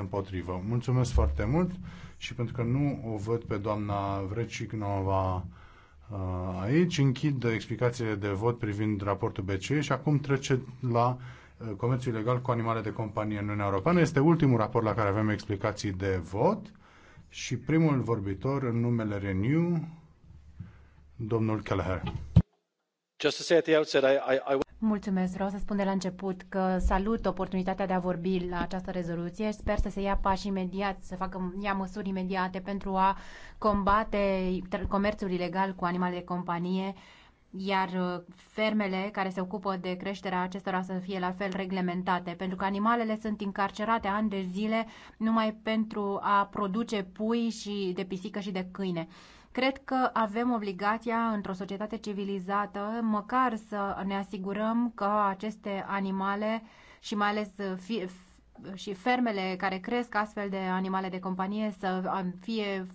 împotrivă. Mulțumesc foarte mult și pentru că nu o văd pe doamna Vrecicnova uh, aici, închid explicațiile de vot privind raportul BCE și acum trece la uh, comerțul ilegal cu animale de companie în Uniunea Europeană. Este ultimul raport la care avem explicații de vot și primul vorbitor în numele Renew, domnul Kelleher. Mulțumesc. Vreau să spun de la început că salut oportunitatea de a vorbi la această rezoluție. Sper să se ia pași imediat, să facă ia măsuri imediate pentru a combate comerțul ilegal cu animale de companie, iar uh, fermele care se ocupă de creșterea acestora să fie la fel reglementate, pentru că animalele sunt încarcerate ani de zile numai pentru a produce pui și de pisică și de câine. Cred că avem obligația, într-o societate civilizată, măcar să ne asigurăm că aceste animale și mai ales fi, și fermele care cresc astfel de animale de companie să fie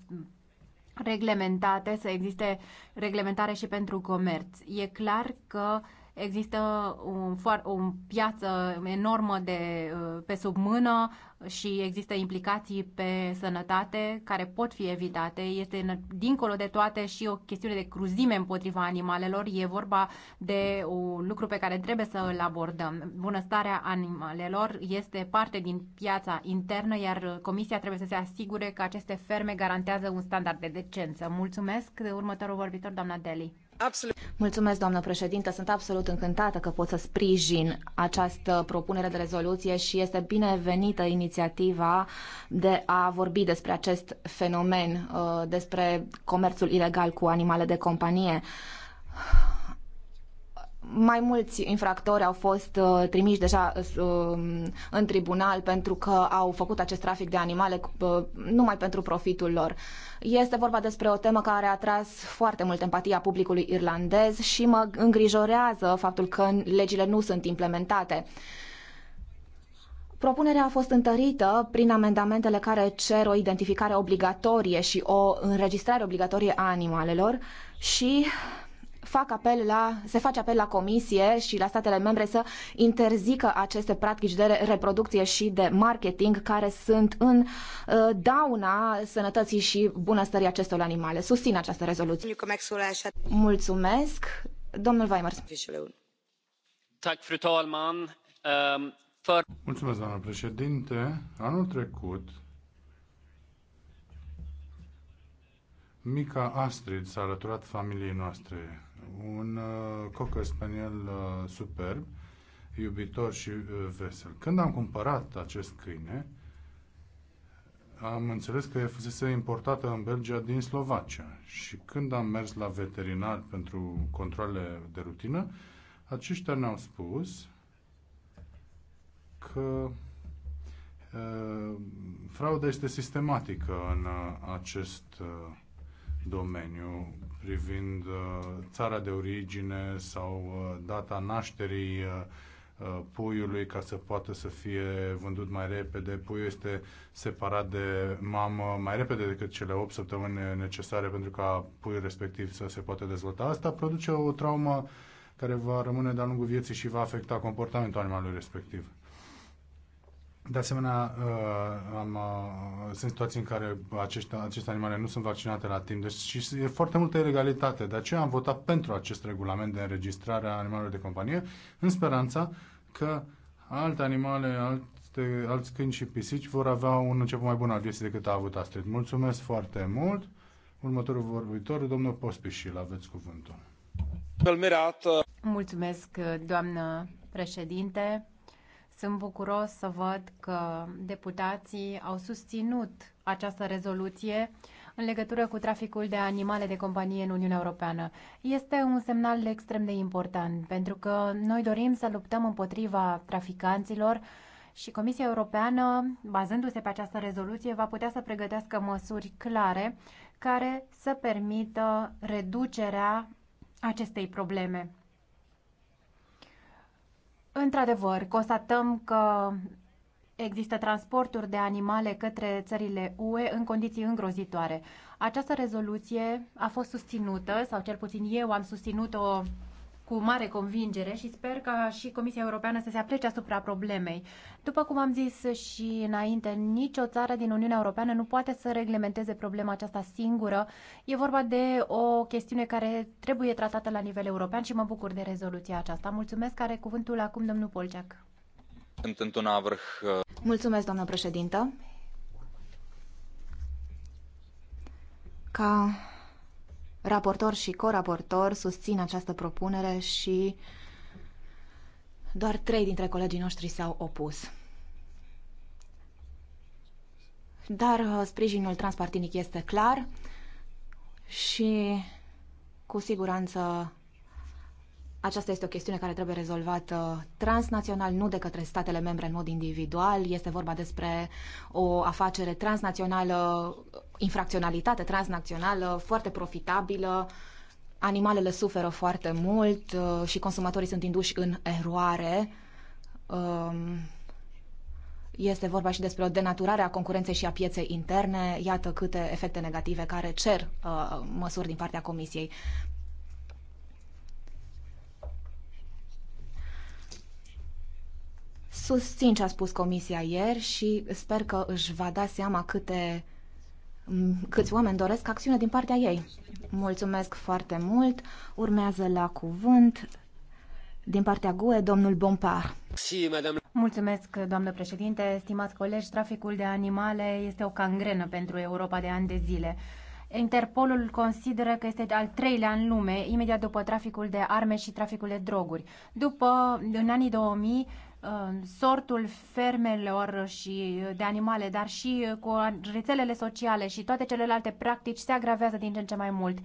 reglementate, să existe reglementare și pentru comerț. E clar că uh, Există un, o piață enormă de, uh, pe sub mână și există implicații pe sănătate care pot fi evitate. Este dincolo de toate și o chestiune de cruzime împotriva animalelor. E vorba de un lucru pe care trebuie să îl abordăm. Bunăstarea animalelor este parte din piața internă, iar Comisia trebuie să se asigure că aceste ferme garantează un standard de decență. Mulțumesc. Următorul vorbitor, doamna Deli. Mulțumesc, doamnă președintă. Sunt absolut încântată că pot să sprijin această propunere de rezoluție și este binevenită inițiativa de a vorbi despre acest fenomen, uh, despre comerțul ilegal cu animale de companie mai mulți infractori au fost uh, trimiși deja uh, în tribunal pentru că au făcut acest trafic de animale uh, numai pentru profitul lor. Este vorba despre o temă care a atras foarte mult empatia publicului irlandez și mă îngrijorează faptul că legile nu sunt implementate. Propunerea a fost întărită prin amendamentele care cer o identificare obligatorie și o înregistrare obligatorie a animalelor și fac apel la, se face apel la Comisie și la statele membre să interzică aceste practici de reproducție și de marketing care sunt în uh, dauna sănătății și bunăstării acestor animale. Susțin această rezoluție. Mulțumesc. Domnul Weimar. Ehm, Mulțumesc, doamnă președinte. Anul trecut, Mica Astrid s-a alăturat familiei noastre un uh, cocker spaniel uh, superb, iubitor și uh, vesel. Când am cumpărat acest câine, am înțeles că ea fusese importată în Belgia din Slovacia și când am mers la veterinar pentru controle de rutină, aceștia ne-au spus că uh, frauda este sistematică în uh, acest uh, domeniu privind uh, țara de origine sau uh, data nașterii uh, puiului ca să poată să fie vândut mai repede. Puiul este separat de mamă mai repede decât cele 8 săptămâni necesare pentru ca puiul respectiv să se poată dezvolta. Asta produce o traumă care va rămâne de-a lungul vieții și va afecta comportamentul animalului respectiv. De asemenea, uh, am, uh, sunt situații în care acești, aceste animale nu sunt vaccinate la timp, deci și e foarte multă ilegalitate. De aceea am votat pentru acest regulament de înregistrare a animalelor de companie, în speranța că alte animale, alte, alți câini și pisici vor avea un început mai bun al vieții decât a avut Astrid. Mulțumesc foarte mult! Următorul vorbitor, domnul Pospișil, aveți cuvântul. Mulțumesc, doamnă președinte. Sunt bucuros să văd că deputații au susținut această rezoluție în legătură cu traficul de animale de companie în Uniunea Europeană. Este un semnal extrem de important, pentru că noi dorim să luptăm împotriva traficanților și Comisia Europeană, bazându-se pe această rezoluție, va putea să pregătească măsuri clare care să permită reducerea acestei probleme. Într-adevăr, constatăm că există transporturi de animale către țările UE în condiții îngrozitoare. Această rezoluție a fost susținută, sau cel puțin eu am susținut-o cu mare convingere și sper ca și Comisia Europeană să se aplece asupra problemei. După cum am zis și înainte, nicio țară din Uniunea Europeană nu poate să reglementeze problema aceasta singură. E vorba de o chestiune care trebuie tratată la nivel european și mă bucur de rezoluția aceasta. Mulțumesc, are cuvântul acum domnul Polceac. Uh, Mulțumesc, doamnă președintă. Ca raportor și coraportor susțin această propunere și doar trei dintre colegii noștri s-au opus. Dar uh, sprijinul transpartinic este clar și cu siguranță aceasta este o chestiune care trebuie rezolvată transnațional, nu de către statele membre în mod individual. Este vorba despre o afacere transnațională, infracționalitate transnațională, foarte profitabilă. Animalele suferă foarte mult uh, și consumatorii sunt induși în eroare. Um, este vorba și despre o denaturare a concurenței și a pieței interne. Iată câte efecte negative care cer uh, măsuri din partea Comisiei. Susțin ce a spus Comisia ieri și sper că își va da seama câte, câți oameni doresc acțiune din partea ei. Mulțumesc foarte mult. Urmează la cuvânt din partea GUE, domnul Bompar. Mulțumesc, doamnă președinte. Stimați colegi, traficul de animale este o cangrenă pentru Europa de ani de zile. Interpolul consideră că este al treilea în lume, imediat după traficul de arme și traficul de droguri. După, în anii 2000, Uh, sortul fermelor și de animale, dar și cu rețelele sociale și toate celelalte practici se agravează din ce în ce mai mult.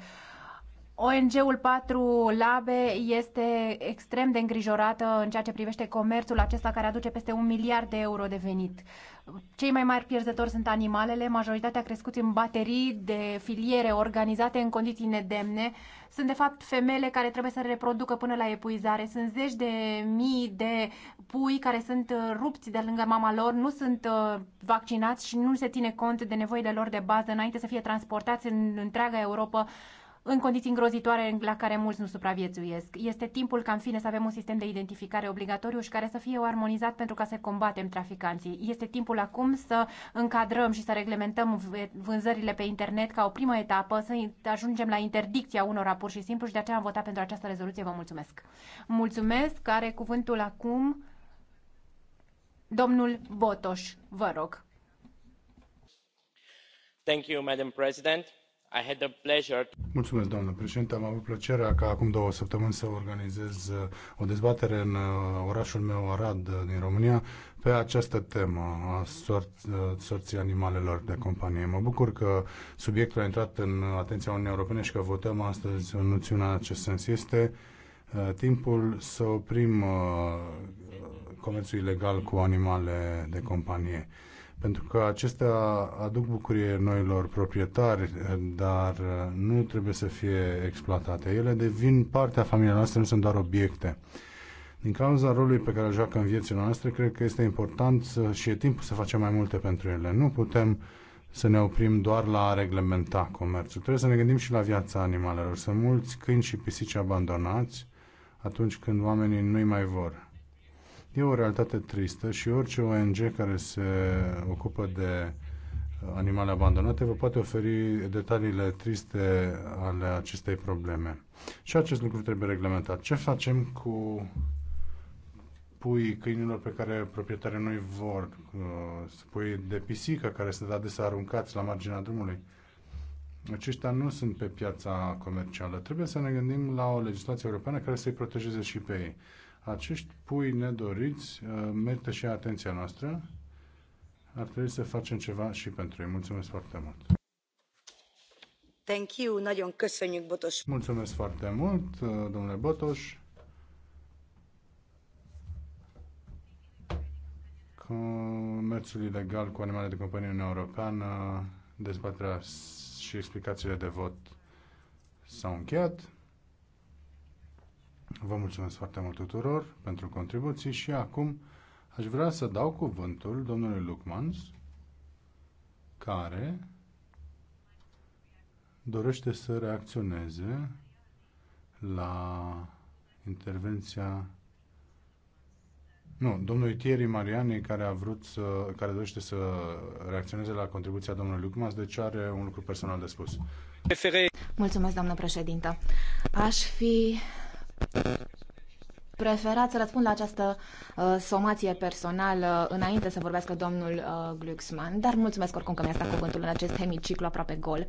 ONG-ul 4 Labe este extrem de îngrijorată în ceea ce privește comerțul acesta care aduce peste un miliard de euro de venit. Cei mai mari pierzători sunt animalele, majoritatea crescuți în baterii de filiere organizate în condiții nedemne. Sunt de fapt femele care trebuie să reproducă până la epuizare. Sunt zeci de mii de pui care sunt uh, rupți de lângă mama lor, nu sunt uh, vaccinați și nu se ține cont de nevoile lor de bază înainte să fie transportați în întreaga Europa în condiții îngrozitoare la care mulți nu supraviețuiesc. Este timpul ca în fine să avem un sistem de identificare obligatoriu și care să fie armonizat pentru ca să combatem traficanții. Este timpul acum să încadrăm și să reglementăm vânzările pe internet ca o primă etapă, să ajungem la interdicția unora pur și simplu și de aceea am votat pentru această rezoluție. Vă mulțumesc! Mulțumesc! Are cuvântul acum domnul Botoș. Vă rog! Thank you, Madam President I had the pleasure Mulțumesc, doamnă președinte. Am avut plăcerea ca acum două săptămâni să organizez uh, o dezbatere în uh, orașul meu, Arad, uh, din România, pe această temă a sor- sorții animalelor de companie. Mă bucur că subiectul a intrat în atenția Uniunii Europene și că votăm astăzi în noțiunea în acest sens. Este timpul să oprim comerțul ilegal cu animale de companie pentru că acestea aduc bucurie noilor proprietari, dar nu trebuie să fie exploatate. Ele devin parte a familiei noastre, nu sunt doar obiecte. Din cauza rolului pe care îl joacă în viețile noastre, cred că este important să, și e timpul să facem mai multe pentru ele. Nu putem să ne oprim doar la a reglementa comerțul. Trebuie să ne gândim și la viața animalelor. Sunt mulți câini și pisici abandonați atunci când oamenii nu-i mai vor E o realitate tristă și orice ONG care se ocupă de uh, animale abandonate vă poate oferi detaliile triste ale acestei probleme. Și acest lucru trebuie reglementat. Ce facem cu pui câinilor pe care proprietarii noi vor, uh, pui de pisică care sunt adesea aruncați la marginea drumului? aceștia nu sunt pe piața comercială. Trebuie să ne gândim la o legislație europeană care să-i protejeze și pe ei. Acești pui nedoriți uh, merită și atenția noastră. Ar trebui să facem ceva și pentru ei. Mulțumesc foarte mult! Thank you. Nagyon köszönjük, Botos. Mulțumesc foarte mult, uh, domnule Botos. Comerțul ilegal cu animale de companie în Europeană, dezbaterea și explicațiile de vot s-au încheiat. Vă mulțumesc foarte mult tuturor pentru contribuții și acum aș vrea să dau cuvântul domnului Lucmans, care dorește să reacționeze la intervenția nu, domnului Thierry Mariani, care a vrut să, care dorește să reacționeze la contribuția domnului Lucmas, deci are un lucru personal de spus. Mulțumesc, doamnă președintă. Aș fi preferați să răspund la această uh, somație personală înainte să vorbească domnul uh, Glucksmann, dar mulțumesc oricum că mi-a stat cuvântul în acest hemiciclu aproape gol.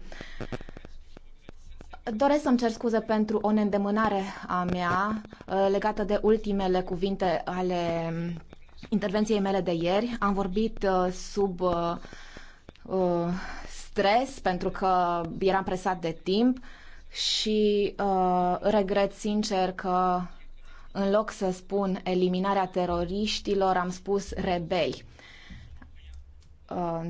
Doresc să-mi cer scuze pentru o neîndemânare a mea uh, legată de ultimele cuvinte ale um, intervenției mele de ieri. Am vorbit uh, sub uh, uh, stres pentru că eram presat de timp. Uh, și uh, regret sincer că în loc să spun eliminarea teroriștilor, am spus rebeli. Uh,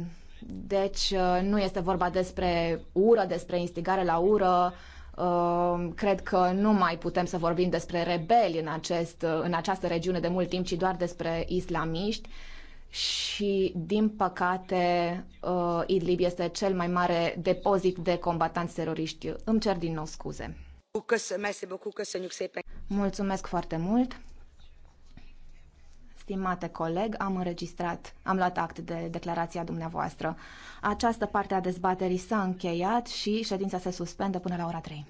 deci uh, nu este vorba despre ură, despre instigare la ură. Uh, cred că nu mai putem să vorbim despre rebeli în, acest, în această regiune de mult timp, ci doar despre islamiști. Uh, și, din păcate, uh, Idlib este cel mai mare depozit de combatanți teroriști. Îmi cer din nou scuze. Mulțumesc foarte mult. Stimate coleg, am înregistrat, am luat act de declarația dumneavoastră. Această parte a dezbaterii s-a încheiat și ședința se suspendă până la ora 3.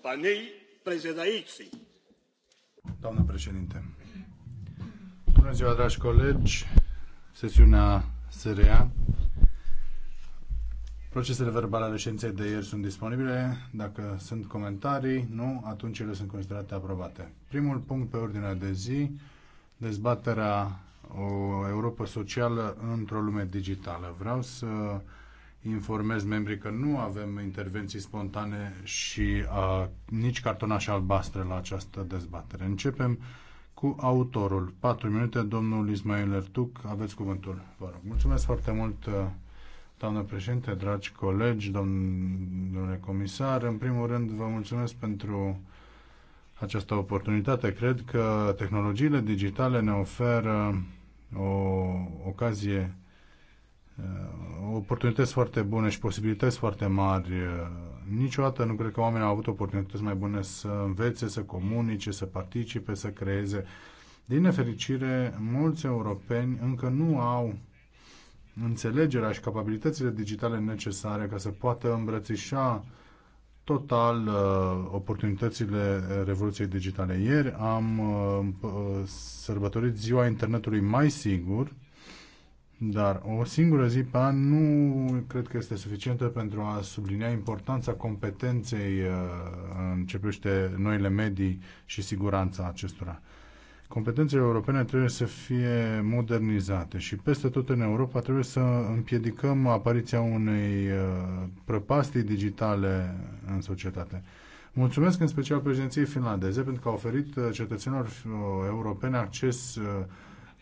panei Doamnă președinte, bună ziua, dragi colegi, sesiunea SRA. Procesele verbale ale ședinței de ieri sunt disponibile. Dacă sunt comentarii, nu, atunci ele sunt considerate aprobate. Primul punct pe ordinea de zi, dezbaterea o Europa socială într-o lume digitală. Vreau să informez membrii că nu avem intervenții spontane și uh, nici cartonașe albastre la această dezbatere. Începem cu autorul. 4 minute, domnul Ismail Ertuc, aveți cuvântul. Vă rog. Mulțumesc foarte mult, doamnă președinte, dragi colegi, domnule comisar. În primul rând, vă mulțumesc pentru această oportunitate. Cred că tehnologiile digitale ne oferă o ocazie Uh, oportunități foarte bune și posibilități foarte mari. Uh, niciodată nu cred că oamenii au avut oportunități mai bune să învețe, să comunice, să participe, să creeze. Din nefericire, mulți europeni încă nu au înțelegerea și capabilitățile digitale necesare ca să poată îmbrățișa total uh, oportunitățile Revoluției Digitale. Ieri am uh, sărbătorit Ziua Internetului mai sigur, dar o singură zi pe an nu cred că este suficientă pentru a sublinia importanța competenței uh, în ce privește noile medii și siguranța acestora. Competențele europene trebuie să fie modernizate și peste tot în Europa trebuie să împiedicăm apariția unei uh, prăpastii digitale în societate. Mulțumesc în special președinției finlandeze pentru că a oferit uh, cetățenilor europene acces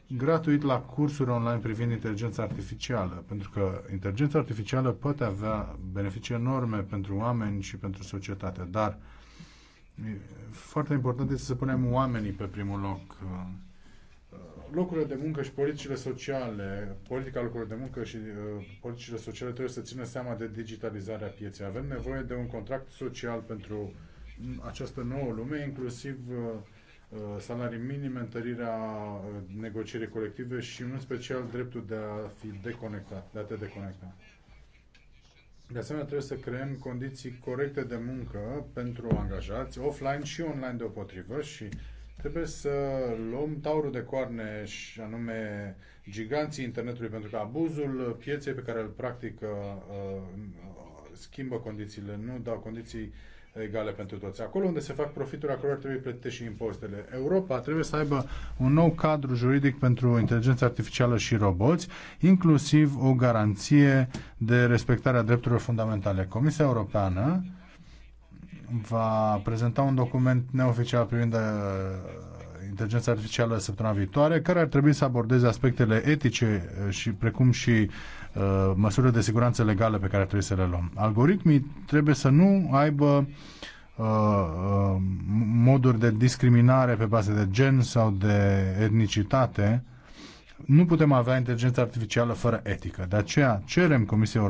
gratuit la cursuri online privind inteligența artificială, pentru că inteligența artificială poate avea beneficii enorme pentru oameni și pentru societate, dar foarte important este să punem oamenii pe primul loc. Locurile de muncă și politicile sociale, politica locurilor de muncă și uh, politicile sociale trebuie să țină seama de digitalizarea pieței. Avem nevoie de un contract social pentru această nouă lume, inclusiv uh, Uh, salarii minime, întărirea uh, negocierii colective și, în special, dreptul de a fi deconectat, de a te deconecta. De asemenea, trebuie să creăm condiții corecte de muncă pentru angajați, offline și online deopotrivă și trebuie să luăm taurul de coarne și anume giganții internetului pentru că abuzul pieței pe care îl practică uh, schimbă condițiile, nu dau condiții uh, egale pentru toți. Acolo unde se fac profituri, acolo ar trebui plătite și impozitele. Europa trebuie să aibă un nou cadru juridic pentru inteligența artificială și roboți, inclusiv o garanție de respectarea drepturilor fundamentale. Comisia Europeană va prezenta un document neoficial privind uh, inteligența artificială săptămâna viitoare, care ar trebui să abordeze aspectele etice eh, și precum și uh, măsurile de siguranță legală pe care ar trebui să le luăm. Algoritmii trebuie să nu aibă uh, uh, moduri de discriminare pe bază de gen sau de etnicitate. Nu putem avea inteligența artificială fără etică. De aceea cerem Comisiei Europene